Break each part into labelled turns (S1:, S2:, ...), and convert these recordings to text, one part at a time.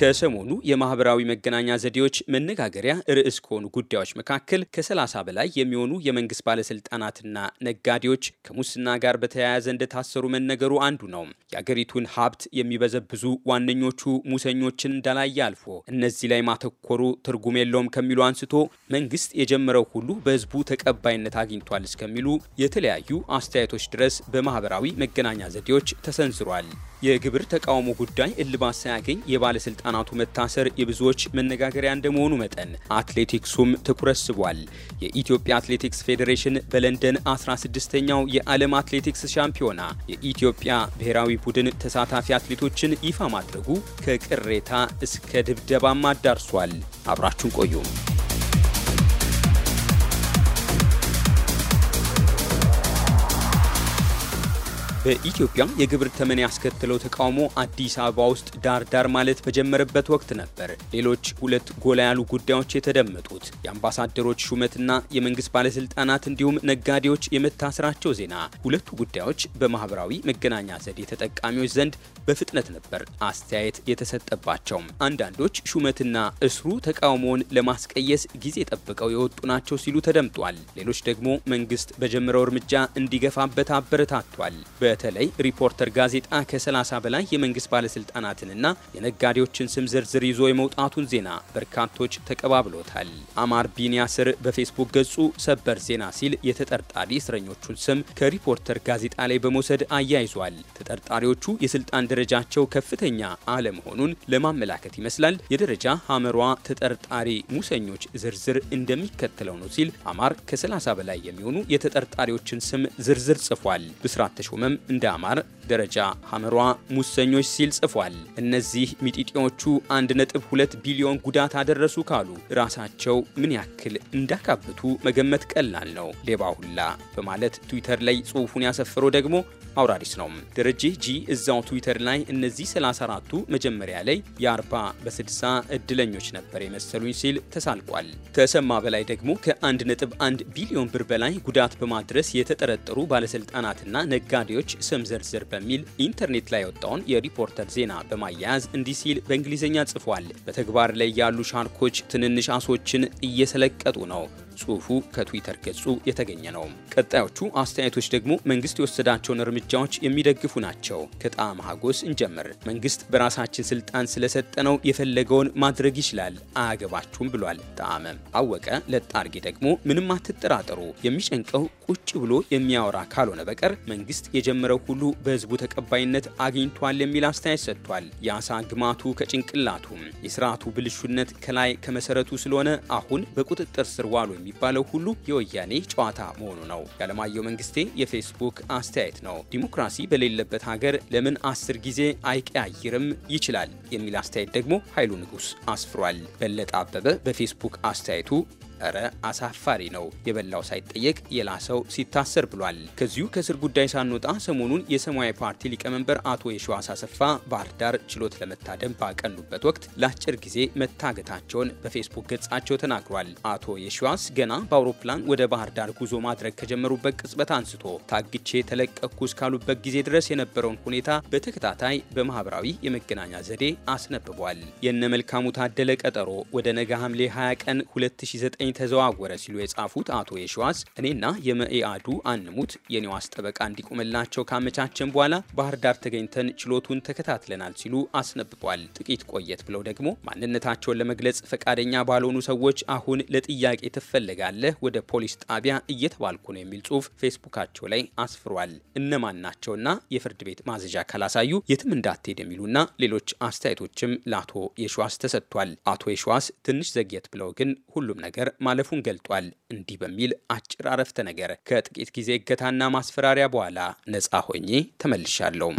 S1: ከሰሞኑ የማህበራዊ መገናኛ ዘዴዎች መነጋገሪያ ርዕስ ከሆኑ ጉዳዮች መካከል ከ30 በላይ የሚሆኑ የመንግስት ባለስልጣናትና ነጋዴዎች ከሙስና ጋር በተያያዘ እንደታሰሩ መነገሩ አንዱ ነው። የአገሪቱን ሀብት የሚበዘብዙ ዋነኞቹ ሙሰኞችን እንዳላየ አልፎ እነዚህ ላይ ማተኮሩ ትርጉም የለውም ከሚሉ አንስቶ መንግስት የጀመረው ሁሉ በህዝቡ ተቀባይነት አግኝቷል እስከሚሉ የተለያዩ አስተያየቶች ድረስ በማህበራዊ መገናኛ ዘዴዎች ተሰንዝሯል። የግብር ተቃውሞ ጉዳይ እልባት ሳያገኝ የባለስልጣናቱ መታሰር የብዙዎች መነጋገሪያ እንደመሆኑ መጠን አትሌቲክሱም ትኩረት ስቧል። የኢትዮጵያ አትሌቲክስ ፌዴሬሽን በለንደን 16ኛው የዓለም አትሌቲክስ ሻምፒዮና የኢትዮጵያ ብሔራዊ ቡድን ተሳታፊ አትሌቶችን ይፋ ማድረጉ ከቅሬታ እስከ ድብደባም አዳርሷል። አብራችሁን ቆዩም በኢትዮጵያ የግብር ተመን ያስከትለው ተቃውሞ አዲስ አበባ ውስጥ ዳር ዳር ማለት በጀመረበት ወቅት ነበር ሌሎች ሁለት ጎላ ያሉ ጉዳዮች የተደመጡት የአምባሳደሮች ሹመትና የመንግስት ባለስልጣናት እንዲሁም ነጋዴዎች የመታሰራቸው ዜና። ሁለቱ ጉዳዮች በማህበራዊ መገናኛ ዘዴ ተጠቃሚዎች ዘንድ በፍጥነት ነበር አስተያየት የተሰጠባቸው። አንዳንዶች ሹመትና እስሩ ተቃውሞውን ለማስቀየስ ጊዜ ጠብቀው የወጡ ናቸው ሲሉ ተደምጧል። ሌሎች ደግሞ መንግስት በጀመረው እርምጃ እንዲገፋበት አበረታቷል። በተለይ ሪፖርተር ጋዜጣ ከ30 በላይ የመንግስት ባለስልጣናትንና የነጋዴዎችን ስም ዝርዝር ይዞ የመውጣቱን ዜና በርካቶች ተቀባብሎታል። አማር ቢን ያስር በፌስቡክ ገጹ ሰበር ዜና ሲል የተጠርጣሪ እስረኞቹን ስም ከሪፖርተር ጋዜጣ ላይ በመውሰድ አያይዟል። ተጠርጣሪዎቹ የስልጣን ደረጃቸው ከፍተኛ አለመሆኑን ለማመላከት ይመስላል። የደረጃ ሐመሯ ተጠርጣሪ ሙሰኞች ዝርዝር እንደሚከተለው ነው ሲል አማር ከ30 በላይ የሚሆኑ የተጠርጣሪዎችን ስም ዝርዝር ጽፏል። ብስራት ተሾመም እንደ አማር ደረጃ ሐመሯ ሙሰኞች ሲል ጽፏል። እነዚህ ሚጢጢዎቹ 1.2 ቢሊዮን ጉዳት አደረሱ ካሉ ራሳቸው ምን ያክል እንዳካበቱ መገመት ቀላል ነው። ሌባ ሁላ በማለት ትዊተር ላይ ጽሑፉን ያሰፈረው ደግሞ አውራሪስ ነው። ደረጀ ጂ እዛው ትዊተር ላይ እነዚህ 34ቱ መጀመሪያ ላይ የ40 በ60 እድለኞች ነበር የመሰሉኝ ሲል ተሳልቋል። ተሰማ በላይ ደግሞ ከ1.1 ቢሊዮን ብር በላይ ጉዳት በማድረስ የተጠረጠሩ ባለስልጣናትና ነጋዴዎች ስም ዝርዝር በሚል ኢንተርኔት ላይ የወጣውን የሪፖርተር ዜና በማያያዝ እንዲህ ሲል በእንግሊዝኛ ጽፏል። በተግባር ላይ ያሉ ሻርኮች ትንንሽ አሶችን እየሰለቀጡ ነው። ጽሑፉ ከትዊተር ገጹ የተገኘ ነው። ቀጣዮቹ አስተያየቶች ደግሞ መንግስት የወሰዳቸውን እርምጃዎች የሚደግፉ ናቸው። ከጣዕመ ሀጎስ እንጀምር። መንግስት በራሳችን ስልጣን ስለሰጠነው የፈለገውን ማድረግ ይችላል፣ አያገባችሁም ብሏል ጣመ አወቀ ለጣርጌ ደግሞ ምንም አትጠራጠሩ፣ የሚጨንቀው ቁጭ ብሎ የሚያወራ ካልሆነ በቀር መንግስት የጀመረው ሁሉ በህዝቡ ተቀባይነት አግኝቷል የሚል አስተያየት ሰጥቷል። የአሳ ግማቱ ከጭንቅላቱ የስርዓቱ ብልሹነት ከላይ ከመሰረቱ ስለሆነ አሁን በቁጥጥር ስር ዋሉ የሚባለው ሁሉ የወያኔ ጨዋታ መሆኑ ነው። የአለማየሁ መንግስቴ የፌስቡክ አስተያየት ነው። ዲሞክራሲ በሌለበት ሀገር ለምን አስር ጊዜ አይቀያይርም ይችላል የሚል አስተያየት ደግሞ ኃይሉ ንጉስ አስፍሯል። በለጠ አበበ በፌስቡክ አስተያየቱ እረ አሳፋሪ ነው፣ የበላው ሳይጠየቅ የላሰው ሲታሰር ብሏል። ከዚሁ ከእስር ጉዳይ ሳንወጣ ሰሞኑን የሰማያዊ ፓርቲ ሊቀመንበር አቶ የሸዋስ አሰፋ ባህር ዳር ችሎት ለመታደም ባቀኑበት ወቅት ለአጭር ጊዜ መታገታቸውን በፌስቡክ ገጻቸው ተናግሯል። አቶ የሸዋስ ገና በአውሮፕላን ወደ ባህር ዳር ጉዞ ማድረግ ከጀመሩበት ቅጽበት አንስቶ ታግቼ ተለቀቅኩ እስካሉበት ጊዜ ድረስ የነበረውን ሁኔታ በተከታታይ በማህበራዊ የመገናኛ ዘዴ አስነብቧል። የነ መልካሙ ታደለ ቀጠሮ ወደ ነገ ሐምሌ 20 ቀን 2009 ዘጠኝ ተዘዋወረ ሲሉ የጻፉት አቶ የሸዋስ እኔና የመኢአዱ አንሙት የኔዋስ ጠበቃ እንዲቆምላቸው ካመቻቸን በኋላ ባህር ዳር ተገኝተን ችሎቱን ተከታትለናል ሲሉ አስነብቧል። ጥቂት ቆየት ብለው ደግሞ ማንነታቸውን ለመግለጽ ፈቃደኛ ባልሆኑ ሰዎች አሁን ለጥያቄ ትፈለጋለህ ወደ ፖሊስ ጣቢያ እየተባልኩ ነው የሚል ጽሁፍ ፌስቡካቸው ላይ አስፍሯል። እነማን ናቸውና የፍርድ ቤት ማዘዣ ካላሳዩ የትም እንዳትሄድ የሚሉና ሌሎች አስተያየቶችም ለአቶ የሸዋስ ተሰጥቷል። አቶ የሸዋስ ትንሽ ዘግየት ብለው ግን ሁሉም ነገር ማለፉን ገልጧል። እንዲህ በሚል አጭር አረፍተ ነገር ከጥቂት ጊዜ እገታና ማስፈራሪያ በኋላ ነጻ ሆኜ ተመልሻለሁ።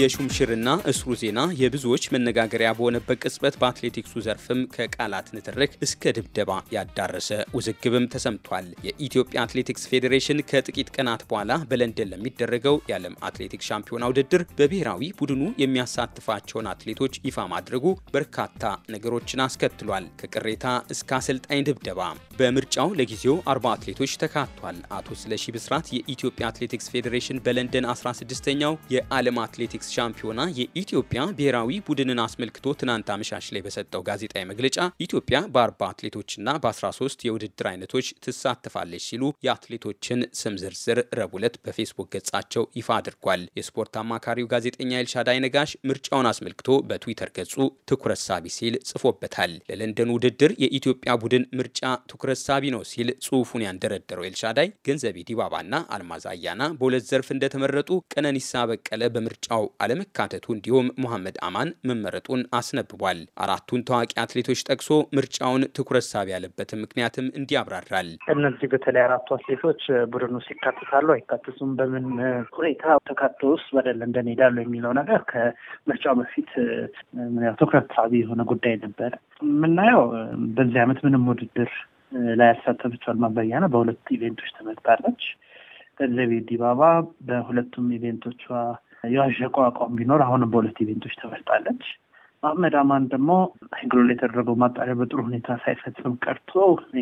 S1: የሹምሽርና እስሩ ዜና የብዙዎች መነጋገሪያ በሆነበት ቅጽበት በአትሌቲክሱ ዘርፍም ከቃላት ንትርክ እስከ ድብደባ ያዳረሰ ውዝግብም ተሰምቷል። የኢትዮጵያ አትሌቲክስ ፌዴሬሽን ከጥቂት ቀናት በኋላ በለንደን ለሚደረገው የዓለም አትሌቲክስ ሻምፒዮና ውድድር በብሔራዊ ቡድኑ የሚያሳትፋቸውን አትሌቶች ይፋ ማድረጉ በርካታ ነገሮችን አስከትሏል። ከቅሬታ እስከ አሰልጣኝ ድብደባ። በምርጫው ለጊዜው አርባ አትሌቶች ተካቷል። አቶ ስለሺ ብስራት የኢትዮጵያ አትሌቲክስ ፌዴሬሽን በለንደን 16ኛው የዓለም አትሌቲክስ አትሌቲክስ ሻምፒዮና የኢትዮጵያ ብሔራዊ ቡድንን አስመልክቶ ትናንት አመሻሽ ላይ በሰጠው ጋዜጣዊ መግለጫ ኢትዮጵያ በአርባ አትሌቶችና በ13 የውድድር አይነቶች ትሳተፋለች ሲሉ የአትሌቶችን ስም ዝርዝር ረቡዕ ዕለት በፌስቡክ ገጻቸው ይፋ አድርጓል። የስፖርት አማካሪው ጋዜጠኛ ኤልሻዳይ ነጋሽ ምርጫውን አስመልክቶ በትዊተር ገጹ ትኩረት ሳቢ ሲል ጽፎበታል። ለለንደን ውድድር የኢትዮጵያ ቡድን ምርጫ ትኩረት ሳቢ ነው ሲል ጽሑፉን ያንደረደረው ኤልሻዳይ ገንዘቤ ዲባባና አልማዝ አያና በሁለት ዘርፍ እንደተመረጡ፣ ቀነኒሳ በቀለ በምርጫው አለመካተቱ እንዲሁም መሐመድ አማን መመረጡን አስነብቧል። አራቱን ታዋቂ አትሌቶች ጠቅሶ ምርጫውን ትኩረት ሳቢ ያለበትን ምክንያትም እንዲያብራራል።
S2: እነዚህ በተለይ አራቱ አትሌቶች ቡድን ውስጥ ይካትታሉ አይካትቱም፣ በምን ሁኔታ ተካቶ ውስጥ በደል እንደሄዳሉ የሚለው ነገር ከምርጫው በፊት ትኩረት ሳቢ የሆነ ጉዳይ ነበር። የምናየው በዚህ አመት ምንም ውድድር ላይ ያልተሳተፈችዋል ማበያ ነው። በሁለት ኢቬንቶች ተመርጣለች። ገንዘቤ ዲባባ በሁለቱም ኢቬንቶቿ የዋዠቀው አቋም ቢኖር አሁንም በሁለት ኢቬንቶች ተበልጣለች። መሐመድ አማን ደግሞ ሄግሎል የተደረገው ማጣሪያ በጥሩ ሁኔታ ሳይፈጽም ቀርቶ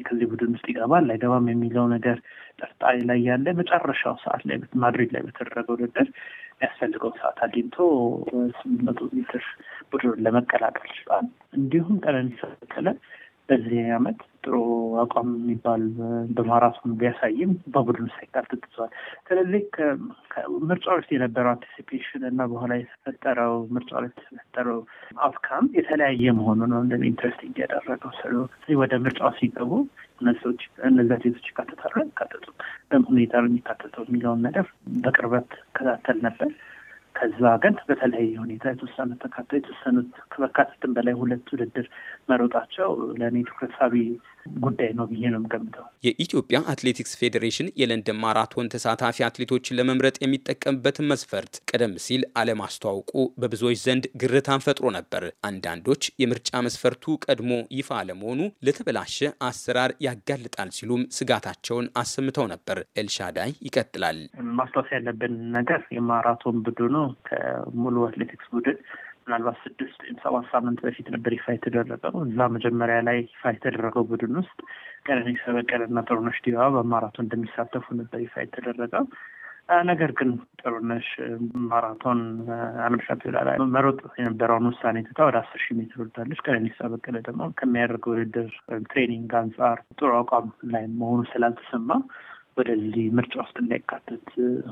S2: ከዚህ ቡድን ውስጥ ይገባል አይገባም የሚለው ነገር ጠርጣሪ ላይ ያለ መጨረሻው ሰዓት ላይ ማድሪድ ላይ በተደረገ ውድድር የሚያስፈልገውን ሰዓት አግኝቶ ስምንት መቶ ሜትር ቡድኑን ለመቀላቀል ችሏል። እንዲሁም ቀነኒሳ በቀለ በዚህ ዓመት ጥሩ አቋም የሚባል በማራቶን ቢያሳይም በቡድን ሳይቀር ተጥሷል። ስለዚህ ምርጫ ውስጥ የነበረው አንቲሲፔሽን እና በኋላ የተፈጠረው ምርጫ ላይ የተፈጠረው አውትካም የተለያየ መሆኑ ነው እንደ ኢንትረስቲንግ ያደረገው። ስለዚህ ወደ ምርጫው ሲገቡ እነሰዎች እነዛ ሴቶች ይካተታሉ ይካተቱ በምን ሁኔታ ነው የሚካተተው የሚለውን ነገር በቅርበት ከታተል ነበር። ከዛ ግን በተለያየ ሁኔታ የተወሰኑት ተካተው የተወሰኑት ከመካተትም በላይ ሁለት ውድድር መሮጣቸው ለእኔ ትኩረት ሳቢ ጉዳይ ነው ብዬ ነው የምገምተው።
S1: የኢትዮጵያ አትሌቲክስ ፌዴሬሽን የለንደን ማራቶን ተሳታፊ አትሌቶችን ለመምረጥ የሚጠቀምበትን መስፈርት ቀደም ሲል አለማስተዋወቁ በብዙዎች ዘንድ ግርታን ፈጥሮ ነበር። አንዳንዶች የምርጫ መስፈርቱ ቀድሞ ይፋ አለመሆኑ ለተበላሸ አሰራር ያጋልጣል ሲሉም ስጋታቸውን አሰምተው ነበር። ኤልሻዳይ ይቀጥላል።
S2: ማስታወስ ያለብን ነገር የማራቶን ቡድኑ ከሙሉ አትሌቲክስ ቡድን ምናልባት ስድስት ወይም ሰባት ሳምንት በፊት ነበር ይፋ ነው። እዛ መጀመሪያ ላይ ይፋ የተደረገው ቡድን ውስጥ ቀነኒሳ በቀለና ጥሩነሽ ዲባባ በማራቶን እንደሚሳተፉ ነበር ይፋ የተደረገ። ነገር ግን ጥሩነሽ ማራቶን ሻምፒዮና ላይ መሮጥ የነበረውን ውሳኔ ትታ ወደ አስር ሺህ ሜትር ወዳለች። ቀነኒሳ በቀለ ደግሞ ከሚያደርገው ውድድር ትሬኒንግ አንጻር ጥሩ አቋም ላይ መሆኑ ስላልተሰማ ወደዚህ ምርጫ ውስጥ እንዳይካተት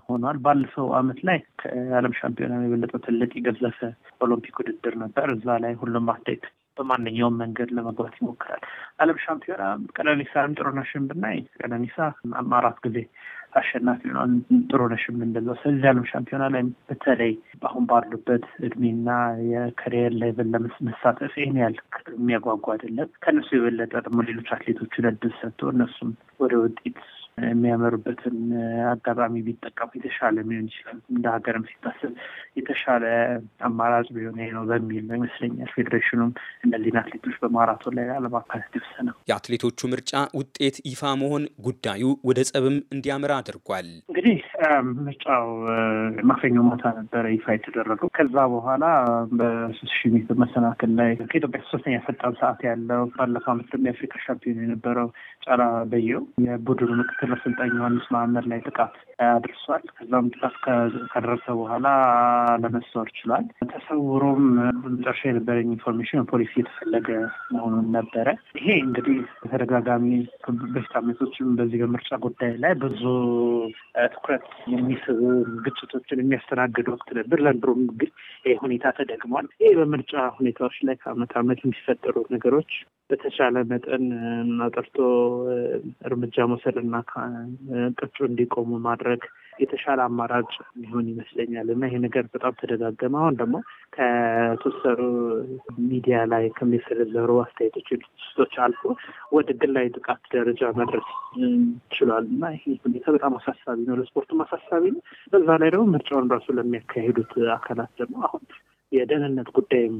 S2: ሆኗል። ባለፈው አመት ላይ ከዓለም ሻምፒዮና የበለጠ ትልቅ የገዘፈ ኦሎምፒክ ውድድር ነበር። እዛ ላይ ሁሉም አትሌት በማንኛውም መንገድ ለመግባት ይሞክራል። ዓለም ሻምፒዮና ቀነኒሳም ጥሩነሽን ብናይ ቀነኒሳ አራት ጊዜ አሸናፊ ሆኗል። ጥሩነሽም እንደዚያው። ስለዚህ ዓለም ሻምፒዮና ላይ በተለይ አሁን ባሉበት እድሜና የከሪየር ሌቭል ለመሳተፍ ይህን ያህል የሚያጓጓ አይደለም። ከእነሱ የበለጠ ደግሞ ሌሎች አትሌቶችን እድል ሰጥቶ እነሱም ወደ ውጤት የሚያመሩበትን አጋጣሚ ቢጠቀሙ የተሻለ ሊሆን ይችላል። እንደ ሀገርም ሲታሰብ የተሻለ
S1: አማራጭ ቢሆን ይሄ ነው በሚል ነው ይመስለኛል ፌዴሬሽኑም እነዚህን አትሌቶች በማራቶን ላይ ለማካተት የወሰነው። የአትሌቶቹ ምርጫ ውጤት ይፋ መሆን ጉዳዩ ወደ ጸብም እንዲያምር አድርጓል።
S2: እንግዲህ ምርጫው ማክሰኞ ማታ ነበረ ይፋ የተደረገው። ከዛ በኋላ በሶስት ሺህ ሜትር መሰናክል ላይ ከኢትዮጵያ ሶስተኛ ፈጣን ሰዓት ያለው ባለፈው ዓመት ደግሞ የአፍሪካ ሻምፒዮን የነበረው ጫላ በየው የቡድኑ ምክትል ምክትል አሰልጣኝ ዮሐንስ መሀመድ ላይ ጥቃት አድርሷል። ከዛም ጥቃት ከደረሰ በኋላ ለመሰወር ችሏል። ተሰውሮም መጨረሻ የነበረኝ ኢንፎርሜሽን ፖሊስ እየተፈለገ መሆኑን ነበረ። ይሄ እንግዲህ በተደጋጋሚ በፊት ዓመቶችም በዚህ በምርጫ ጉዳይ ላይ ብዙ ትኩረት የሚስብ ግጭቶችን የሚያስተናግድ ወቅት ነበር። ዘንድሮም ግን ሁኔታ ተደግሟል። ይሄ በምርጫ ሁኔታዎች ላይ ከአመት ዓመት የሚፈጠሩ ነገሮች በተቻለ መጠን አጠርቶ እርምጃ መውሰድና ቅጩ እንዲቆሙ ማድረግ የተሻለ አማራጭ ሊሆን ይመስለኛል እና ይሄ ነገር በጣም ተደጋገመ። አሁን ደግሞ ከተወሰኑ ሚዲያ ላይ ከሚሰነዘሩ አስተያየቶች ስቶች አልፎ ወደ ግላዊ ጥቃት ደረጃ መድረስ ችሏል እና ይሄ ሁኔታ በጣም አሳሳቢ ነው፣ ለስፖርቱም አሳሳቢ ነው። በዛ ላይ ደግሞ ምርጫውን ራሱ ለሚያካሂዱት አካላት ደግሞ አሁን የደህንነት ጉዳይም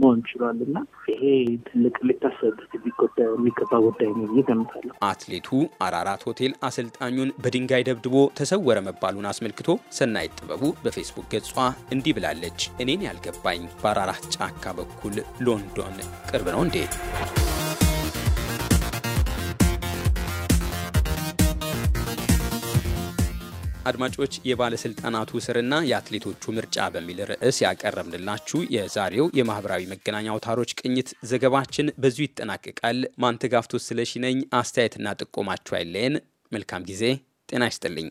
S2: መሆን ችሏል እና ይሄ ትልቅ ሊታሰብበት የሚገባ ጉዳይ ነው ገምታለሁ።
S1: አትሌቱ አራራት ሆቴል አሰልጣኙን በድንጋይ ደብድቦ ተሰወረ መባሉን አስመልክቶ ሰናይት ጥበቡ በፌስቡክ ገጿ እንዲህ ብላለች። እኔን ያልገባኝ በአራራት ጫካ በኩል ሎንዶን ቅርብ ነው እንዴ? አድማጮች የባለስልጣናቱ ስርና የአትሌቶቹ ምርጫ በሚል ርዕስ ያቀረብንላችሁ የዛሬው የማህበራዊ መገናኛ አውታሮች ቅኝት ዘገባችን በዙ ይጠናቀቃል። ማንተጋፍቶ ስለሺ ነኝ። አስተያየትና ጥቆማችሁ አይለየን። መልካም ጊዜ። ጤና ይስጥልኝ።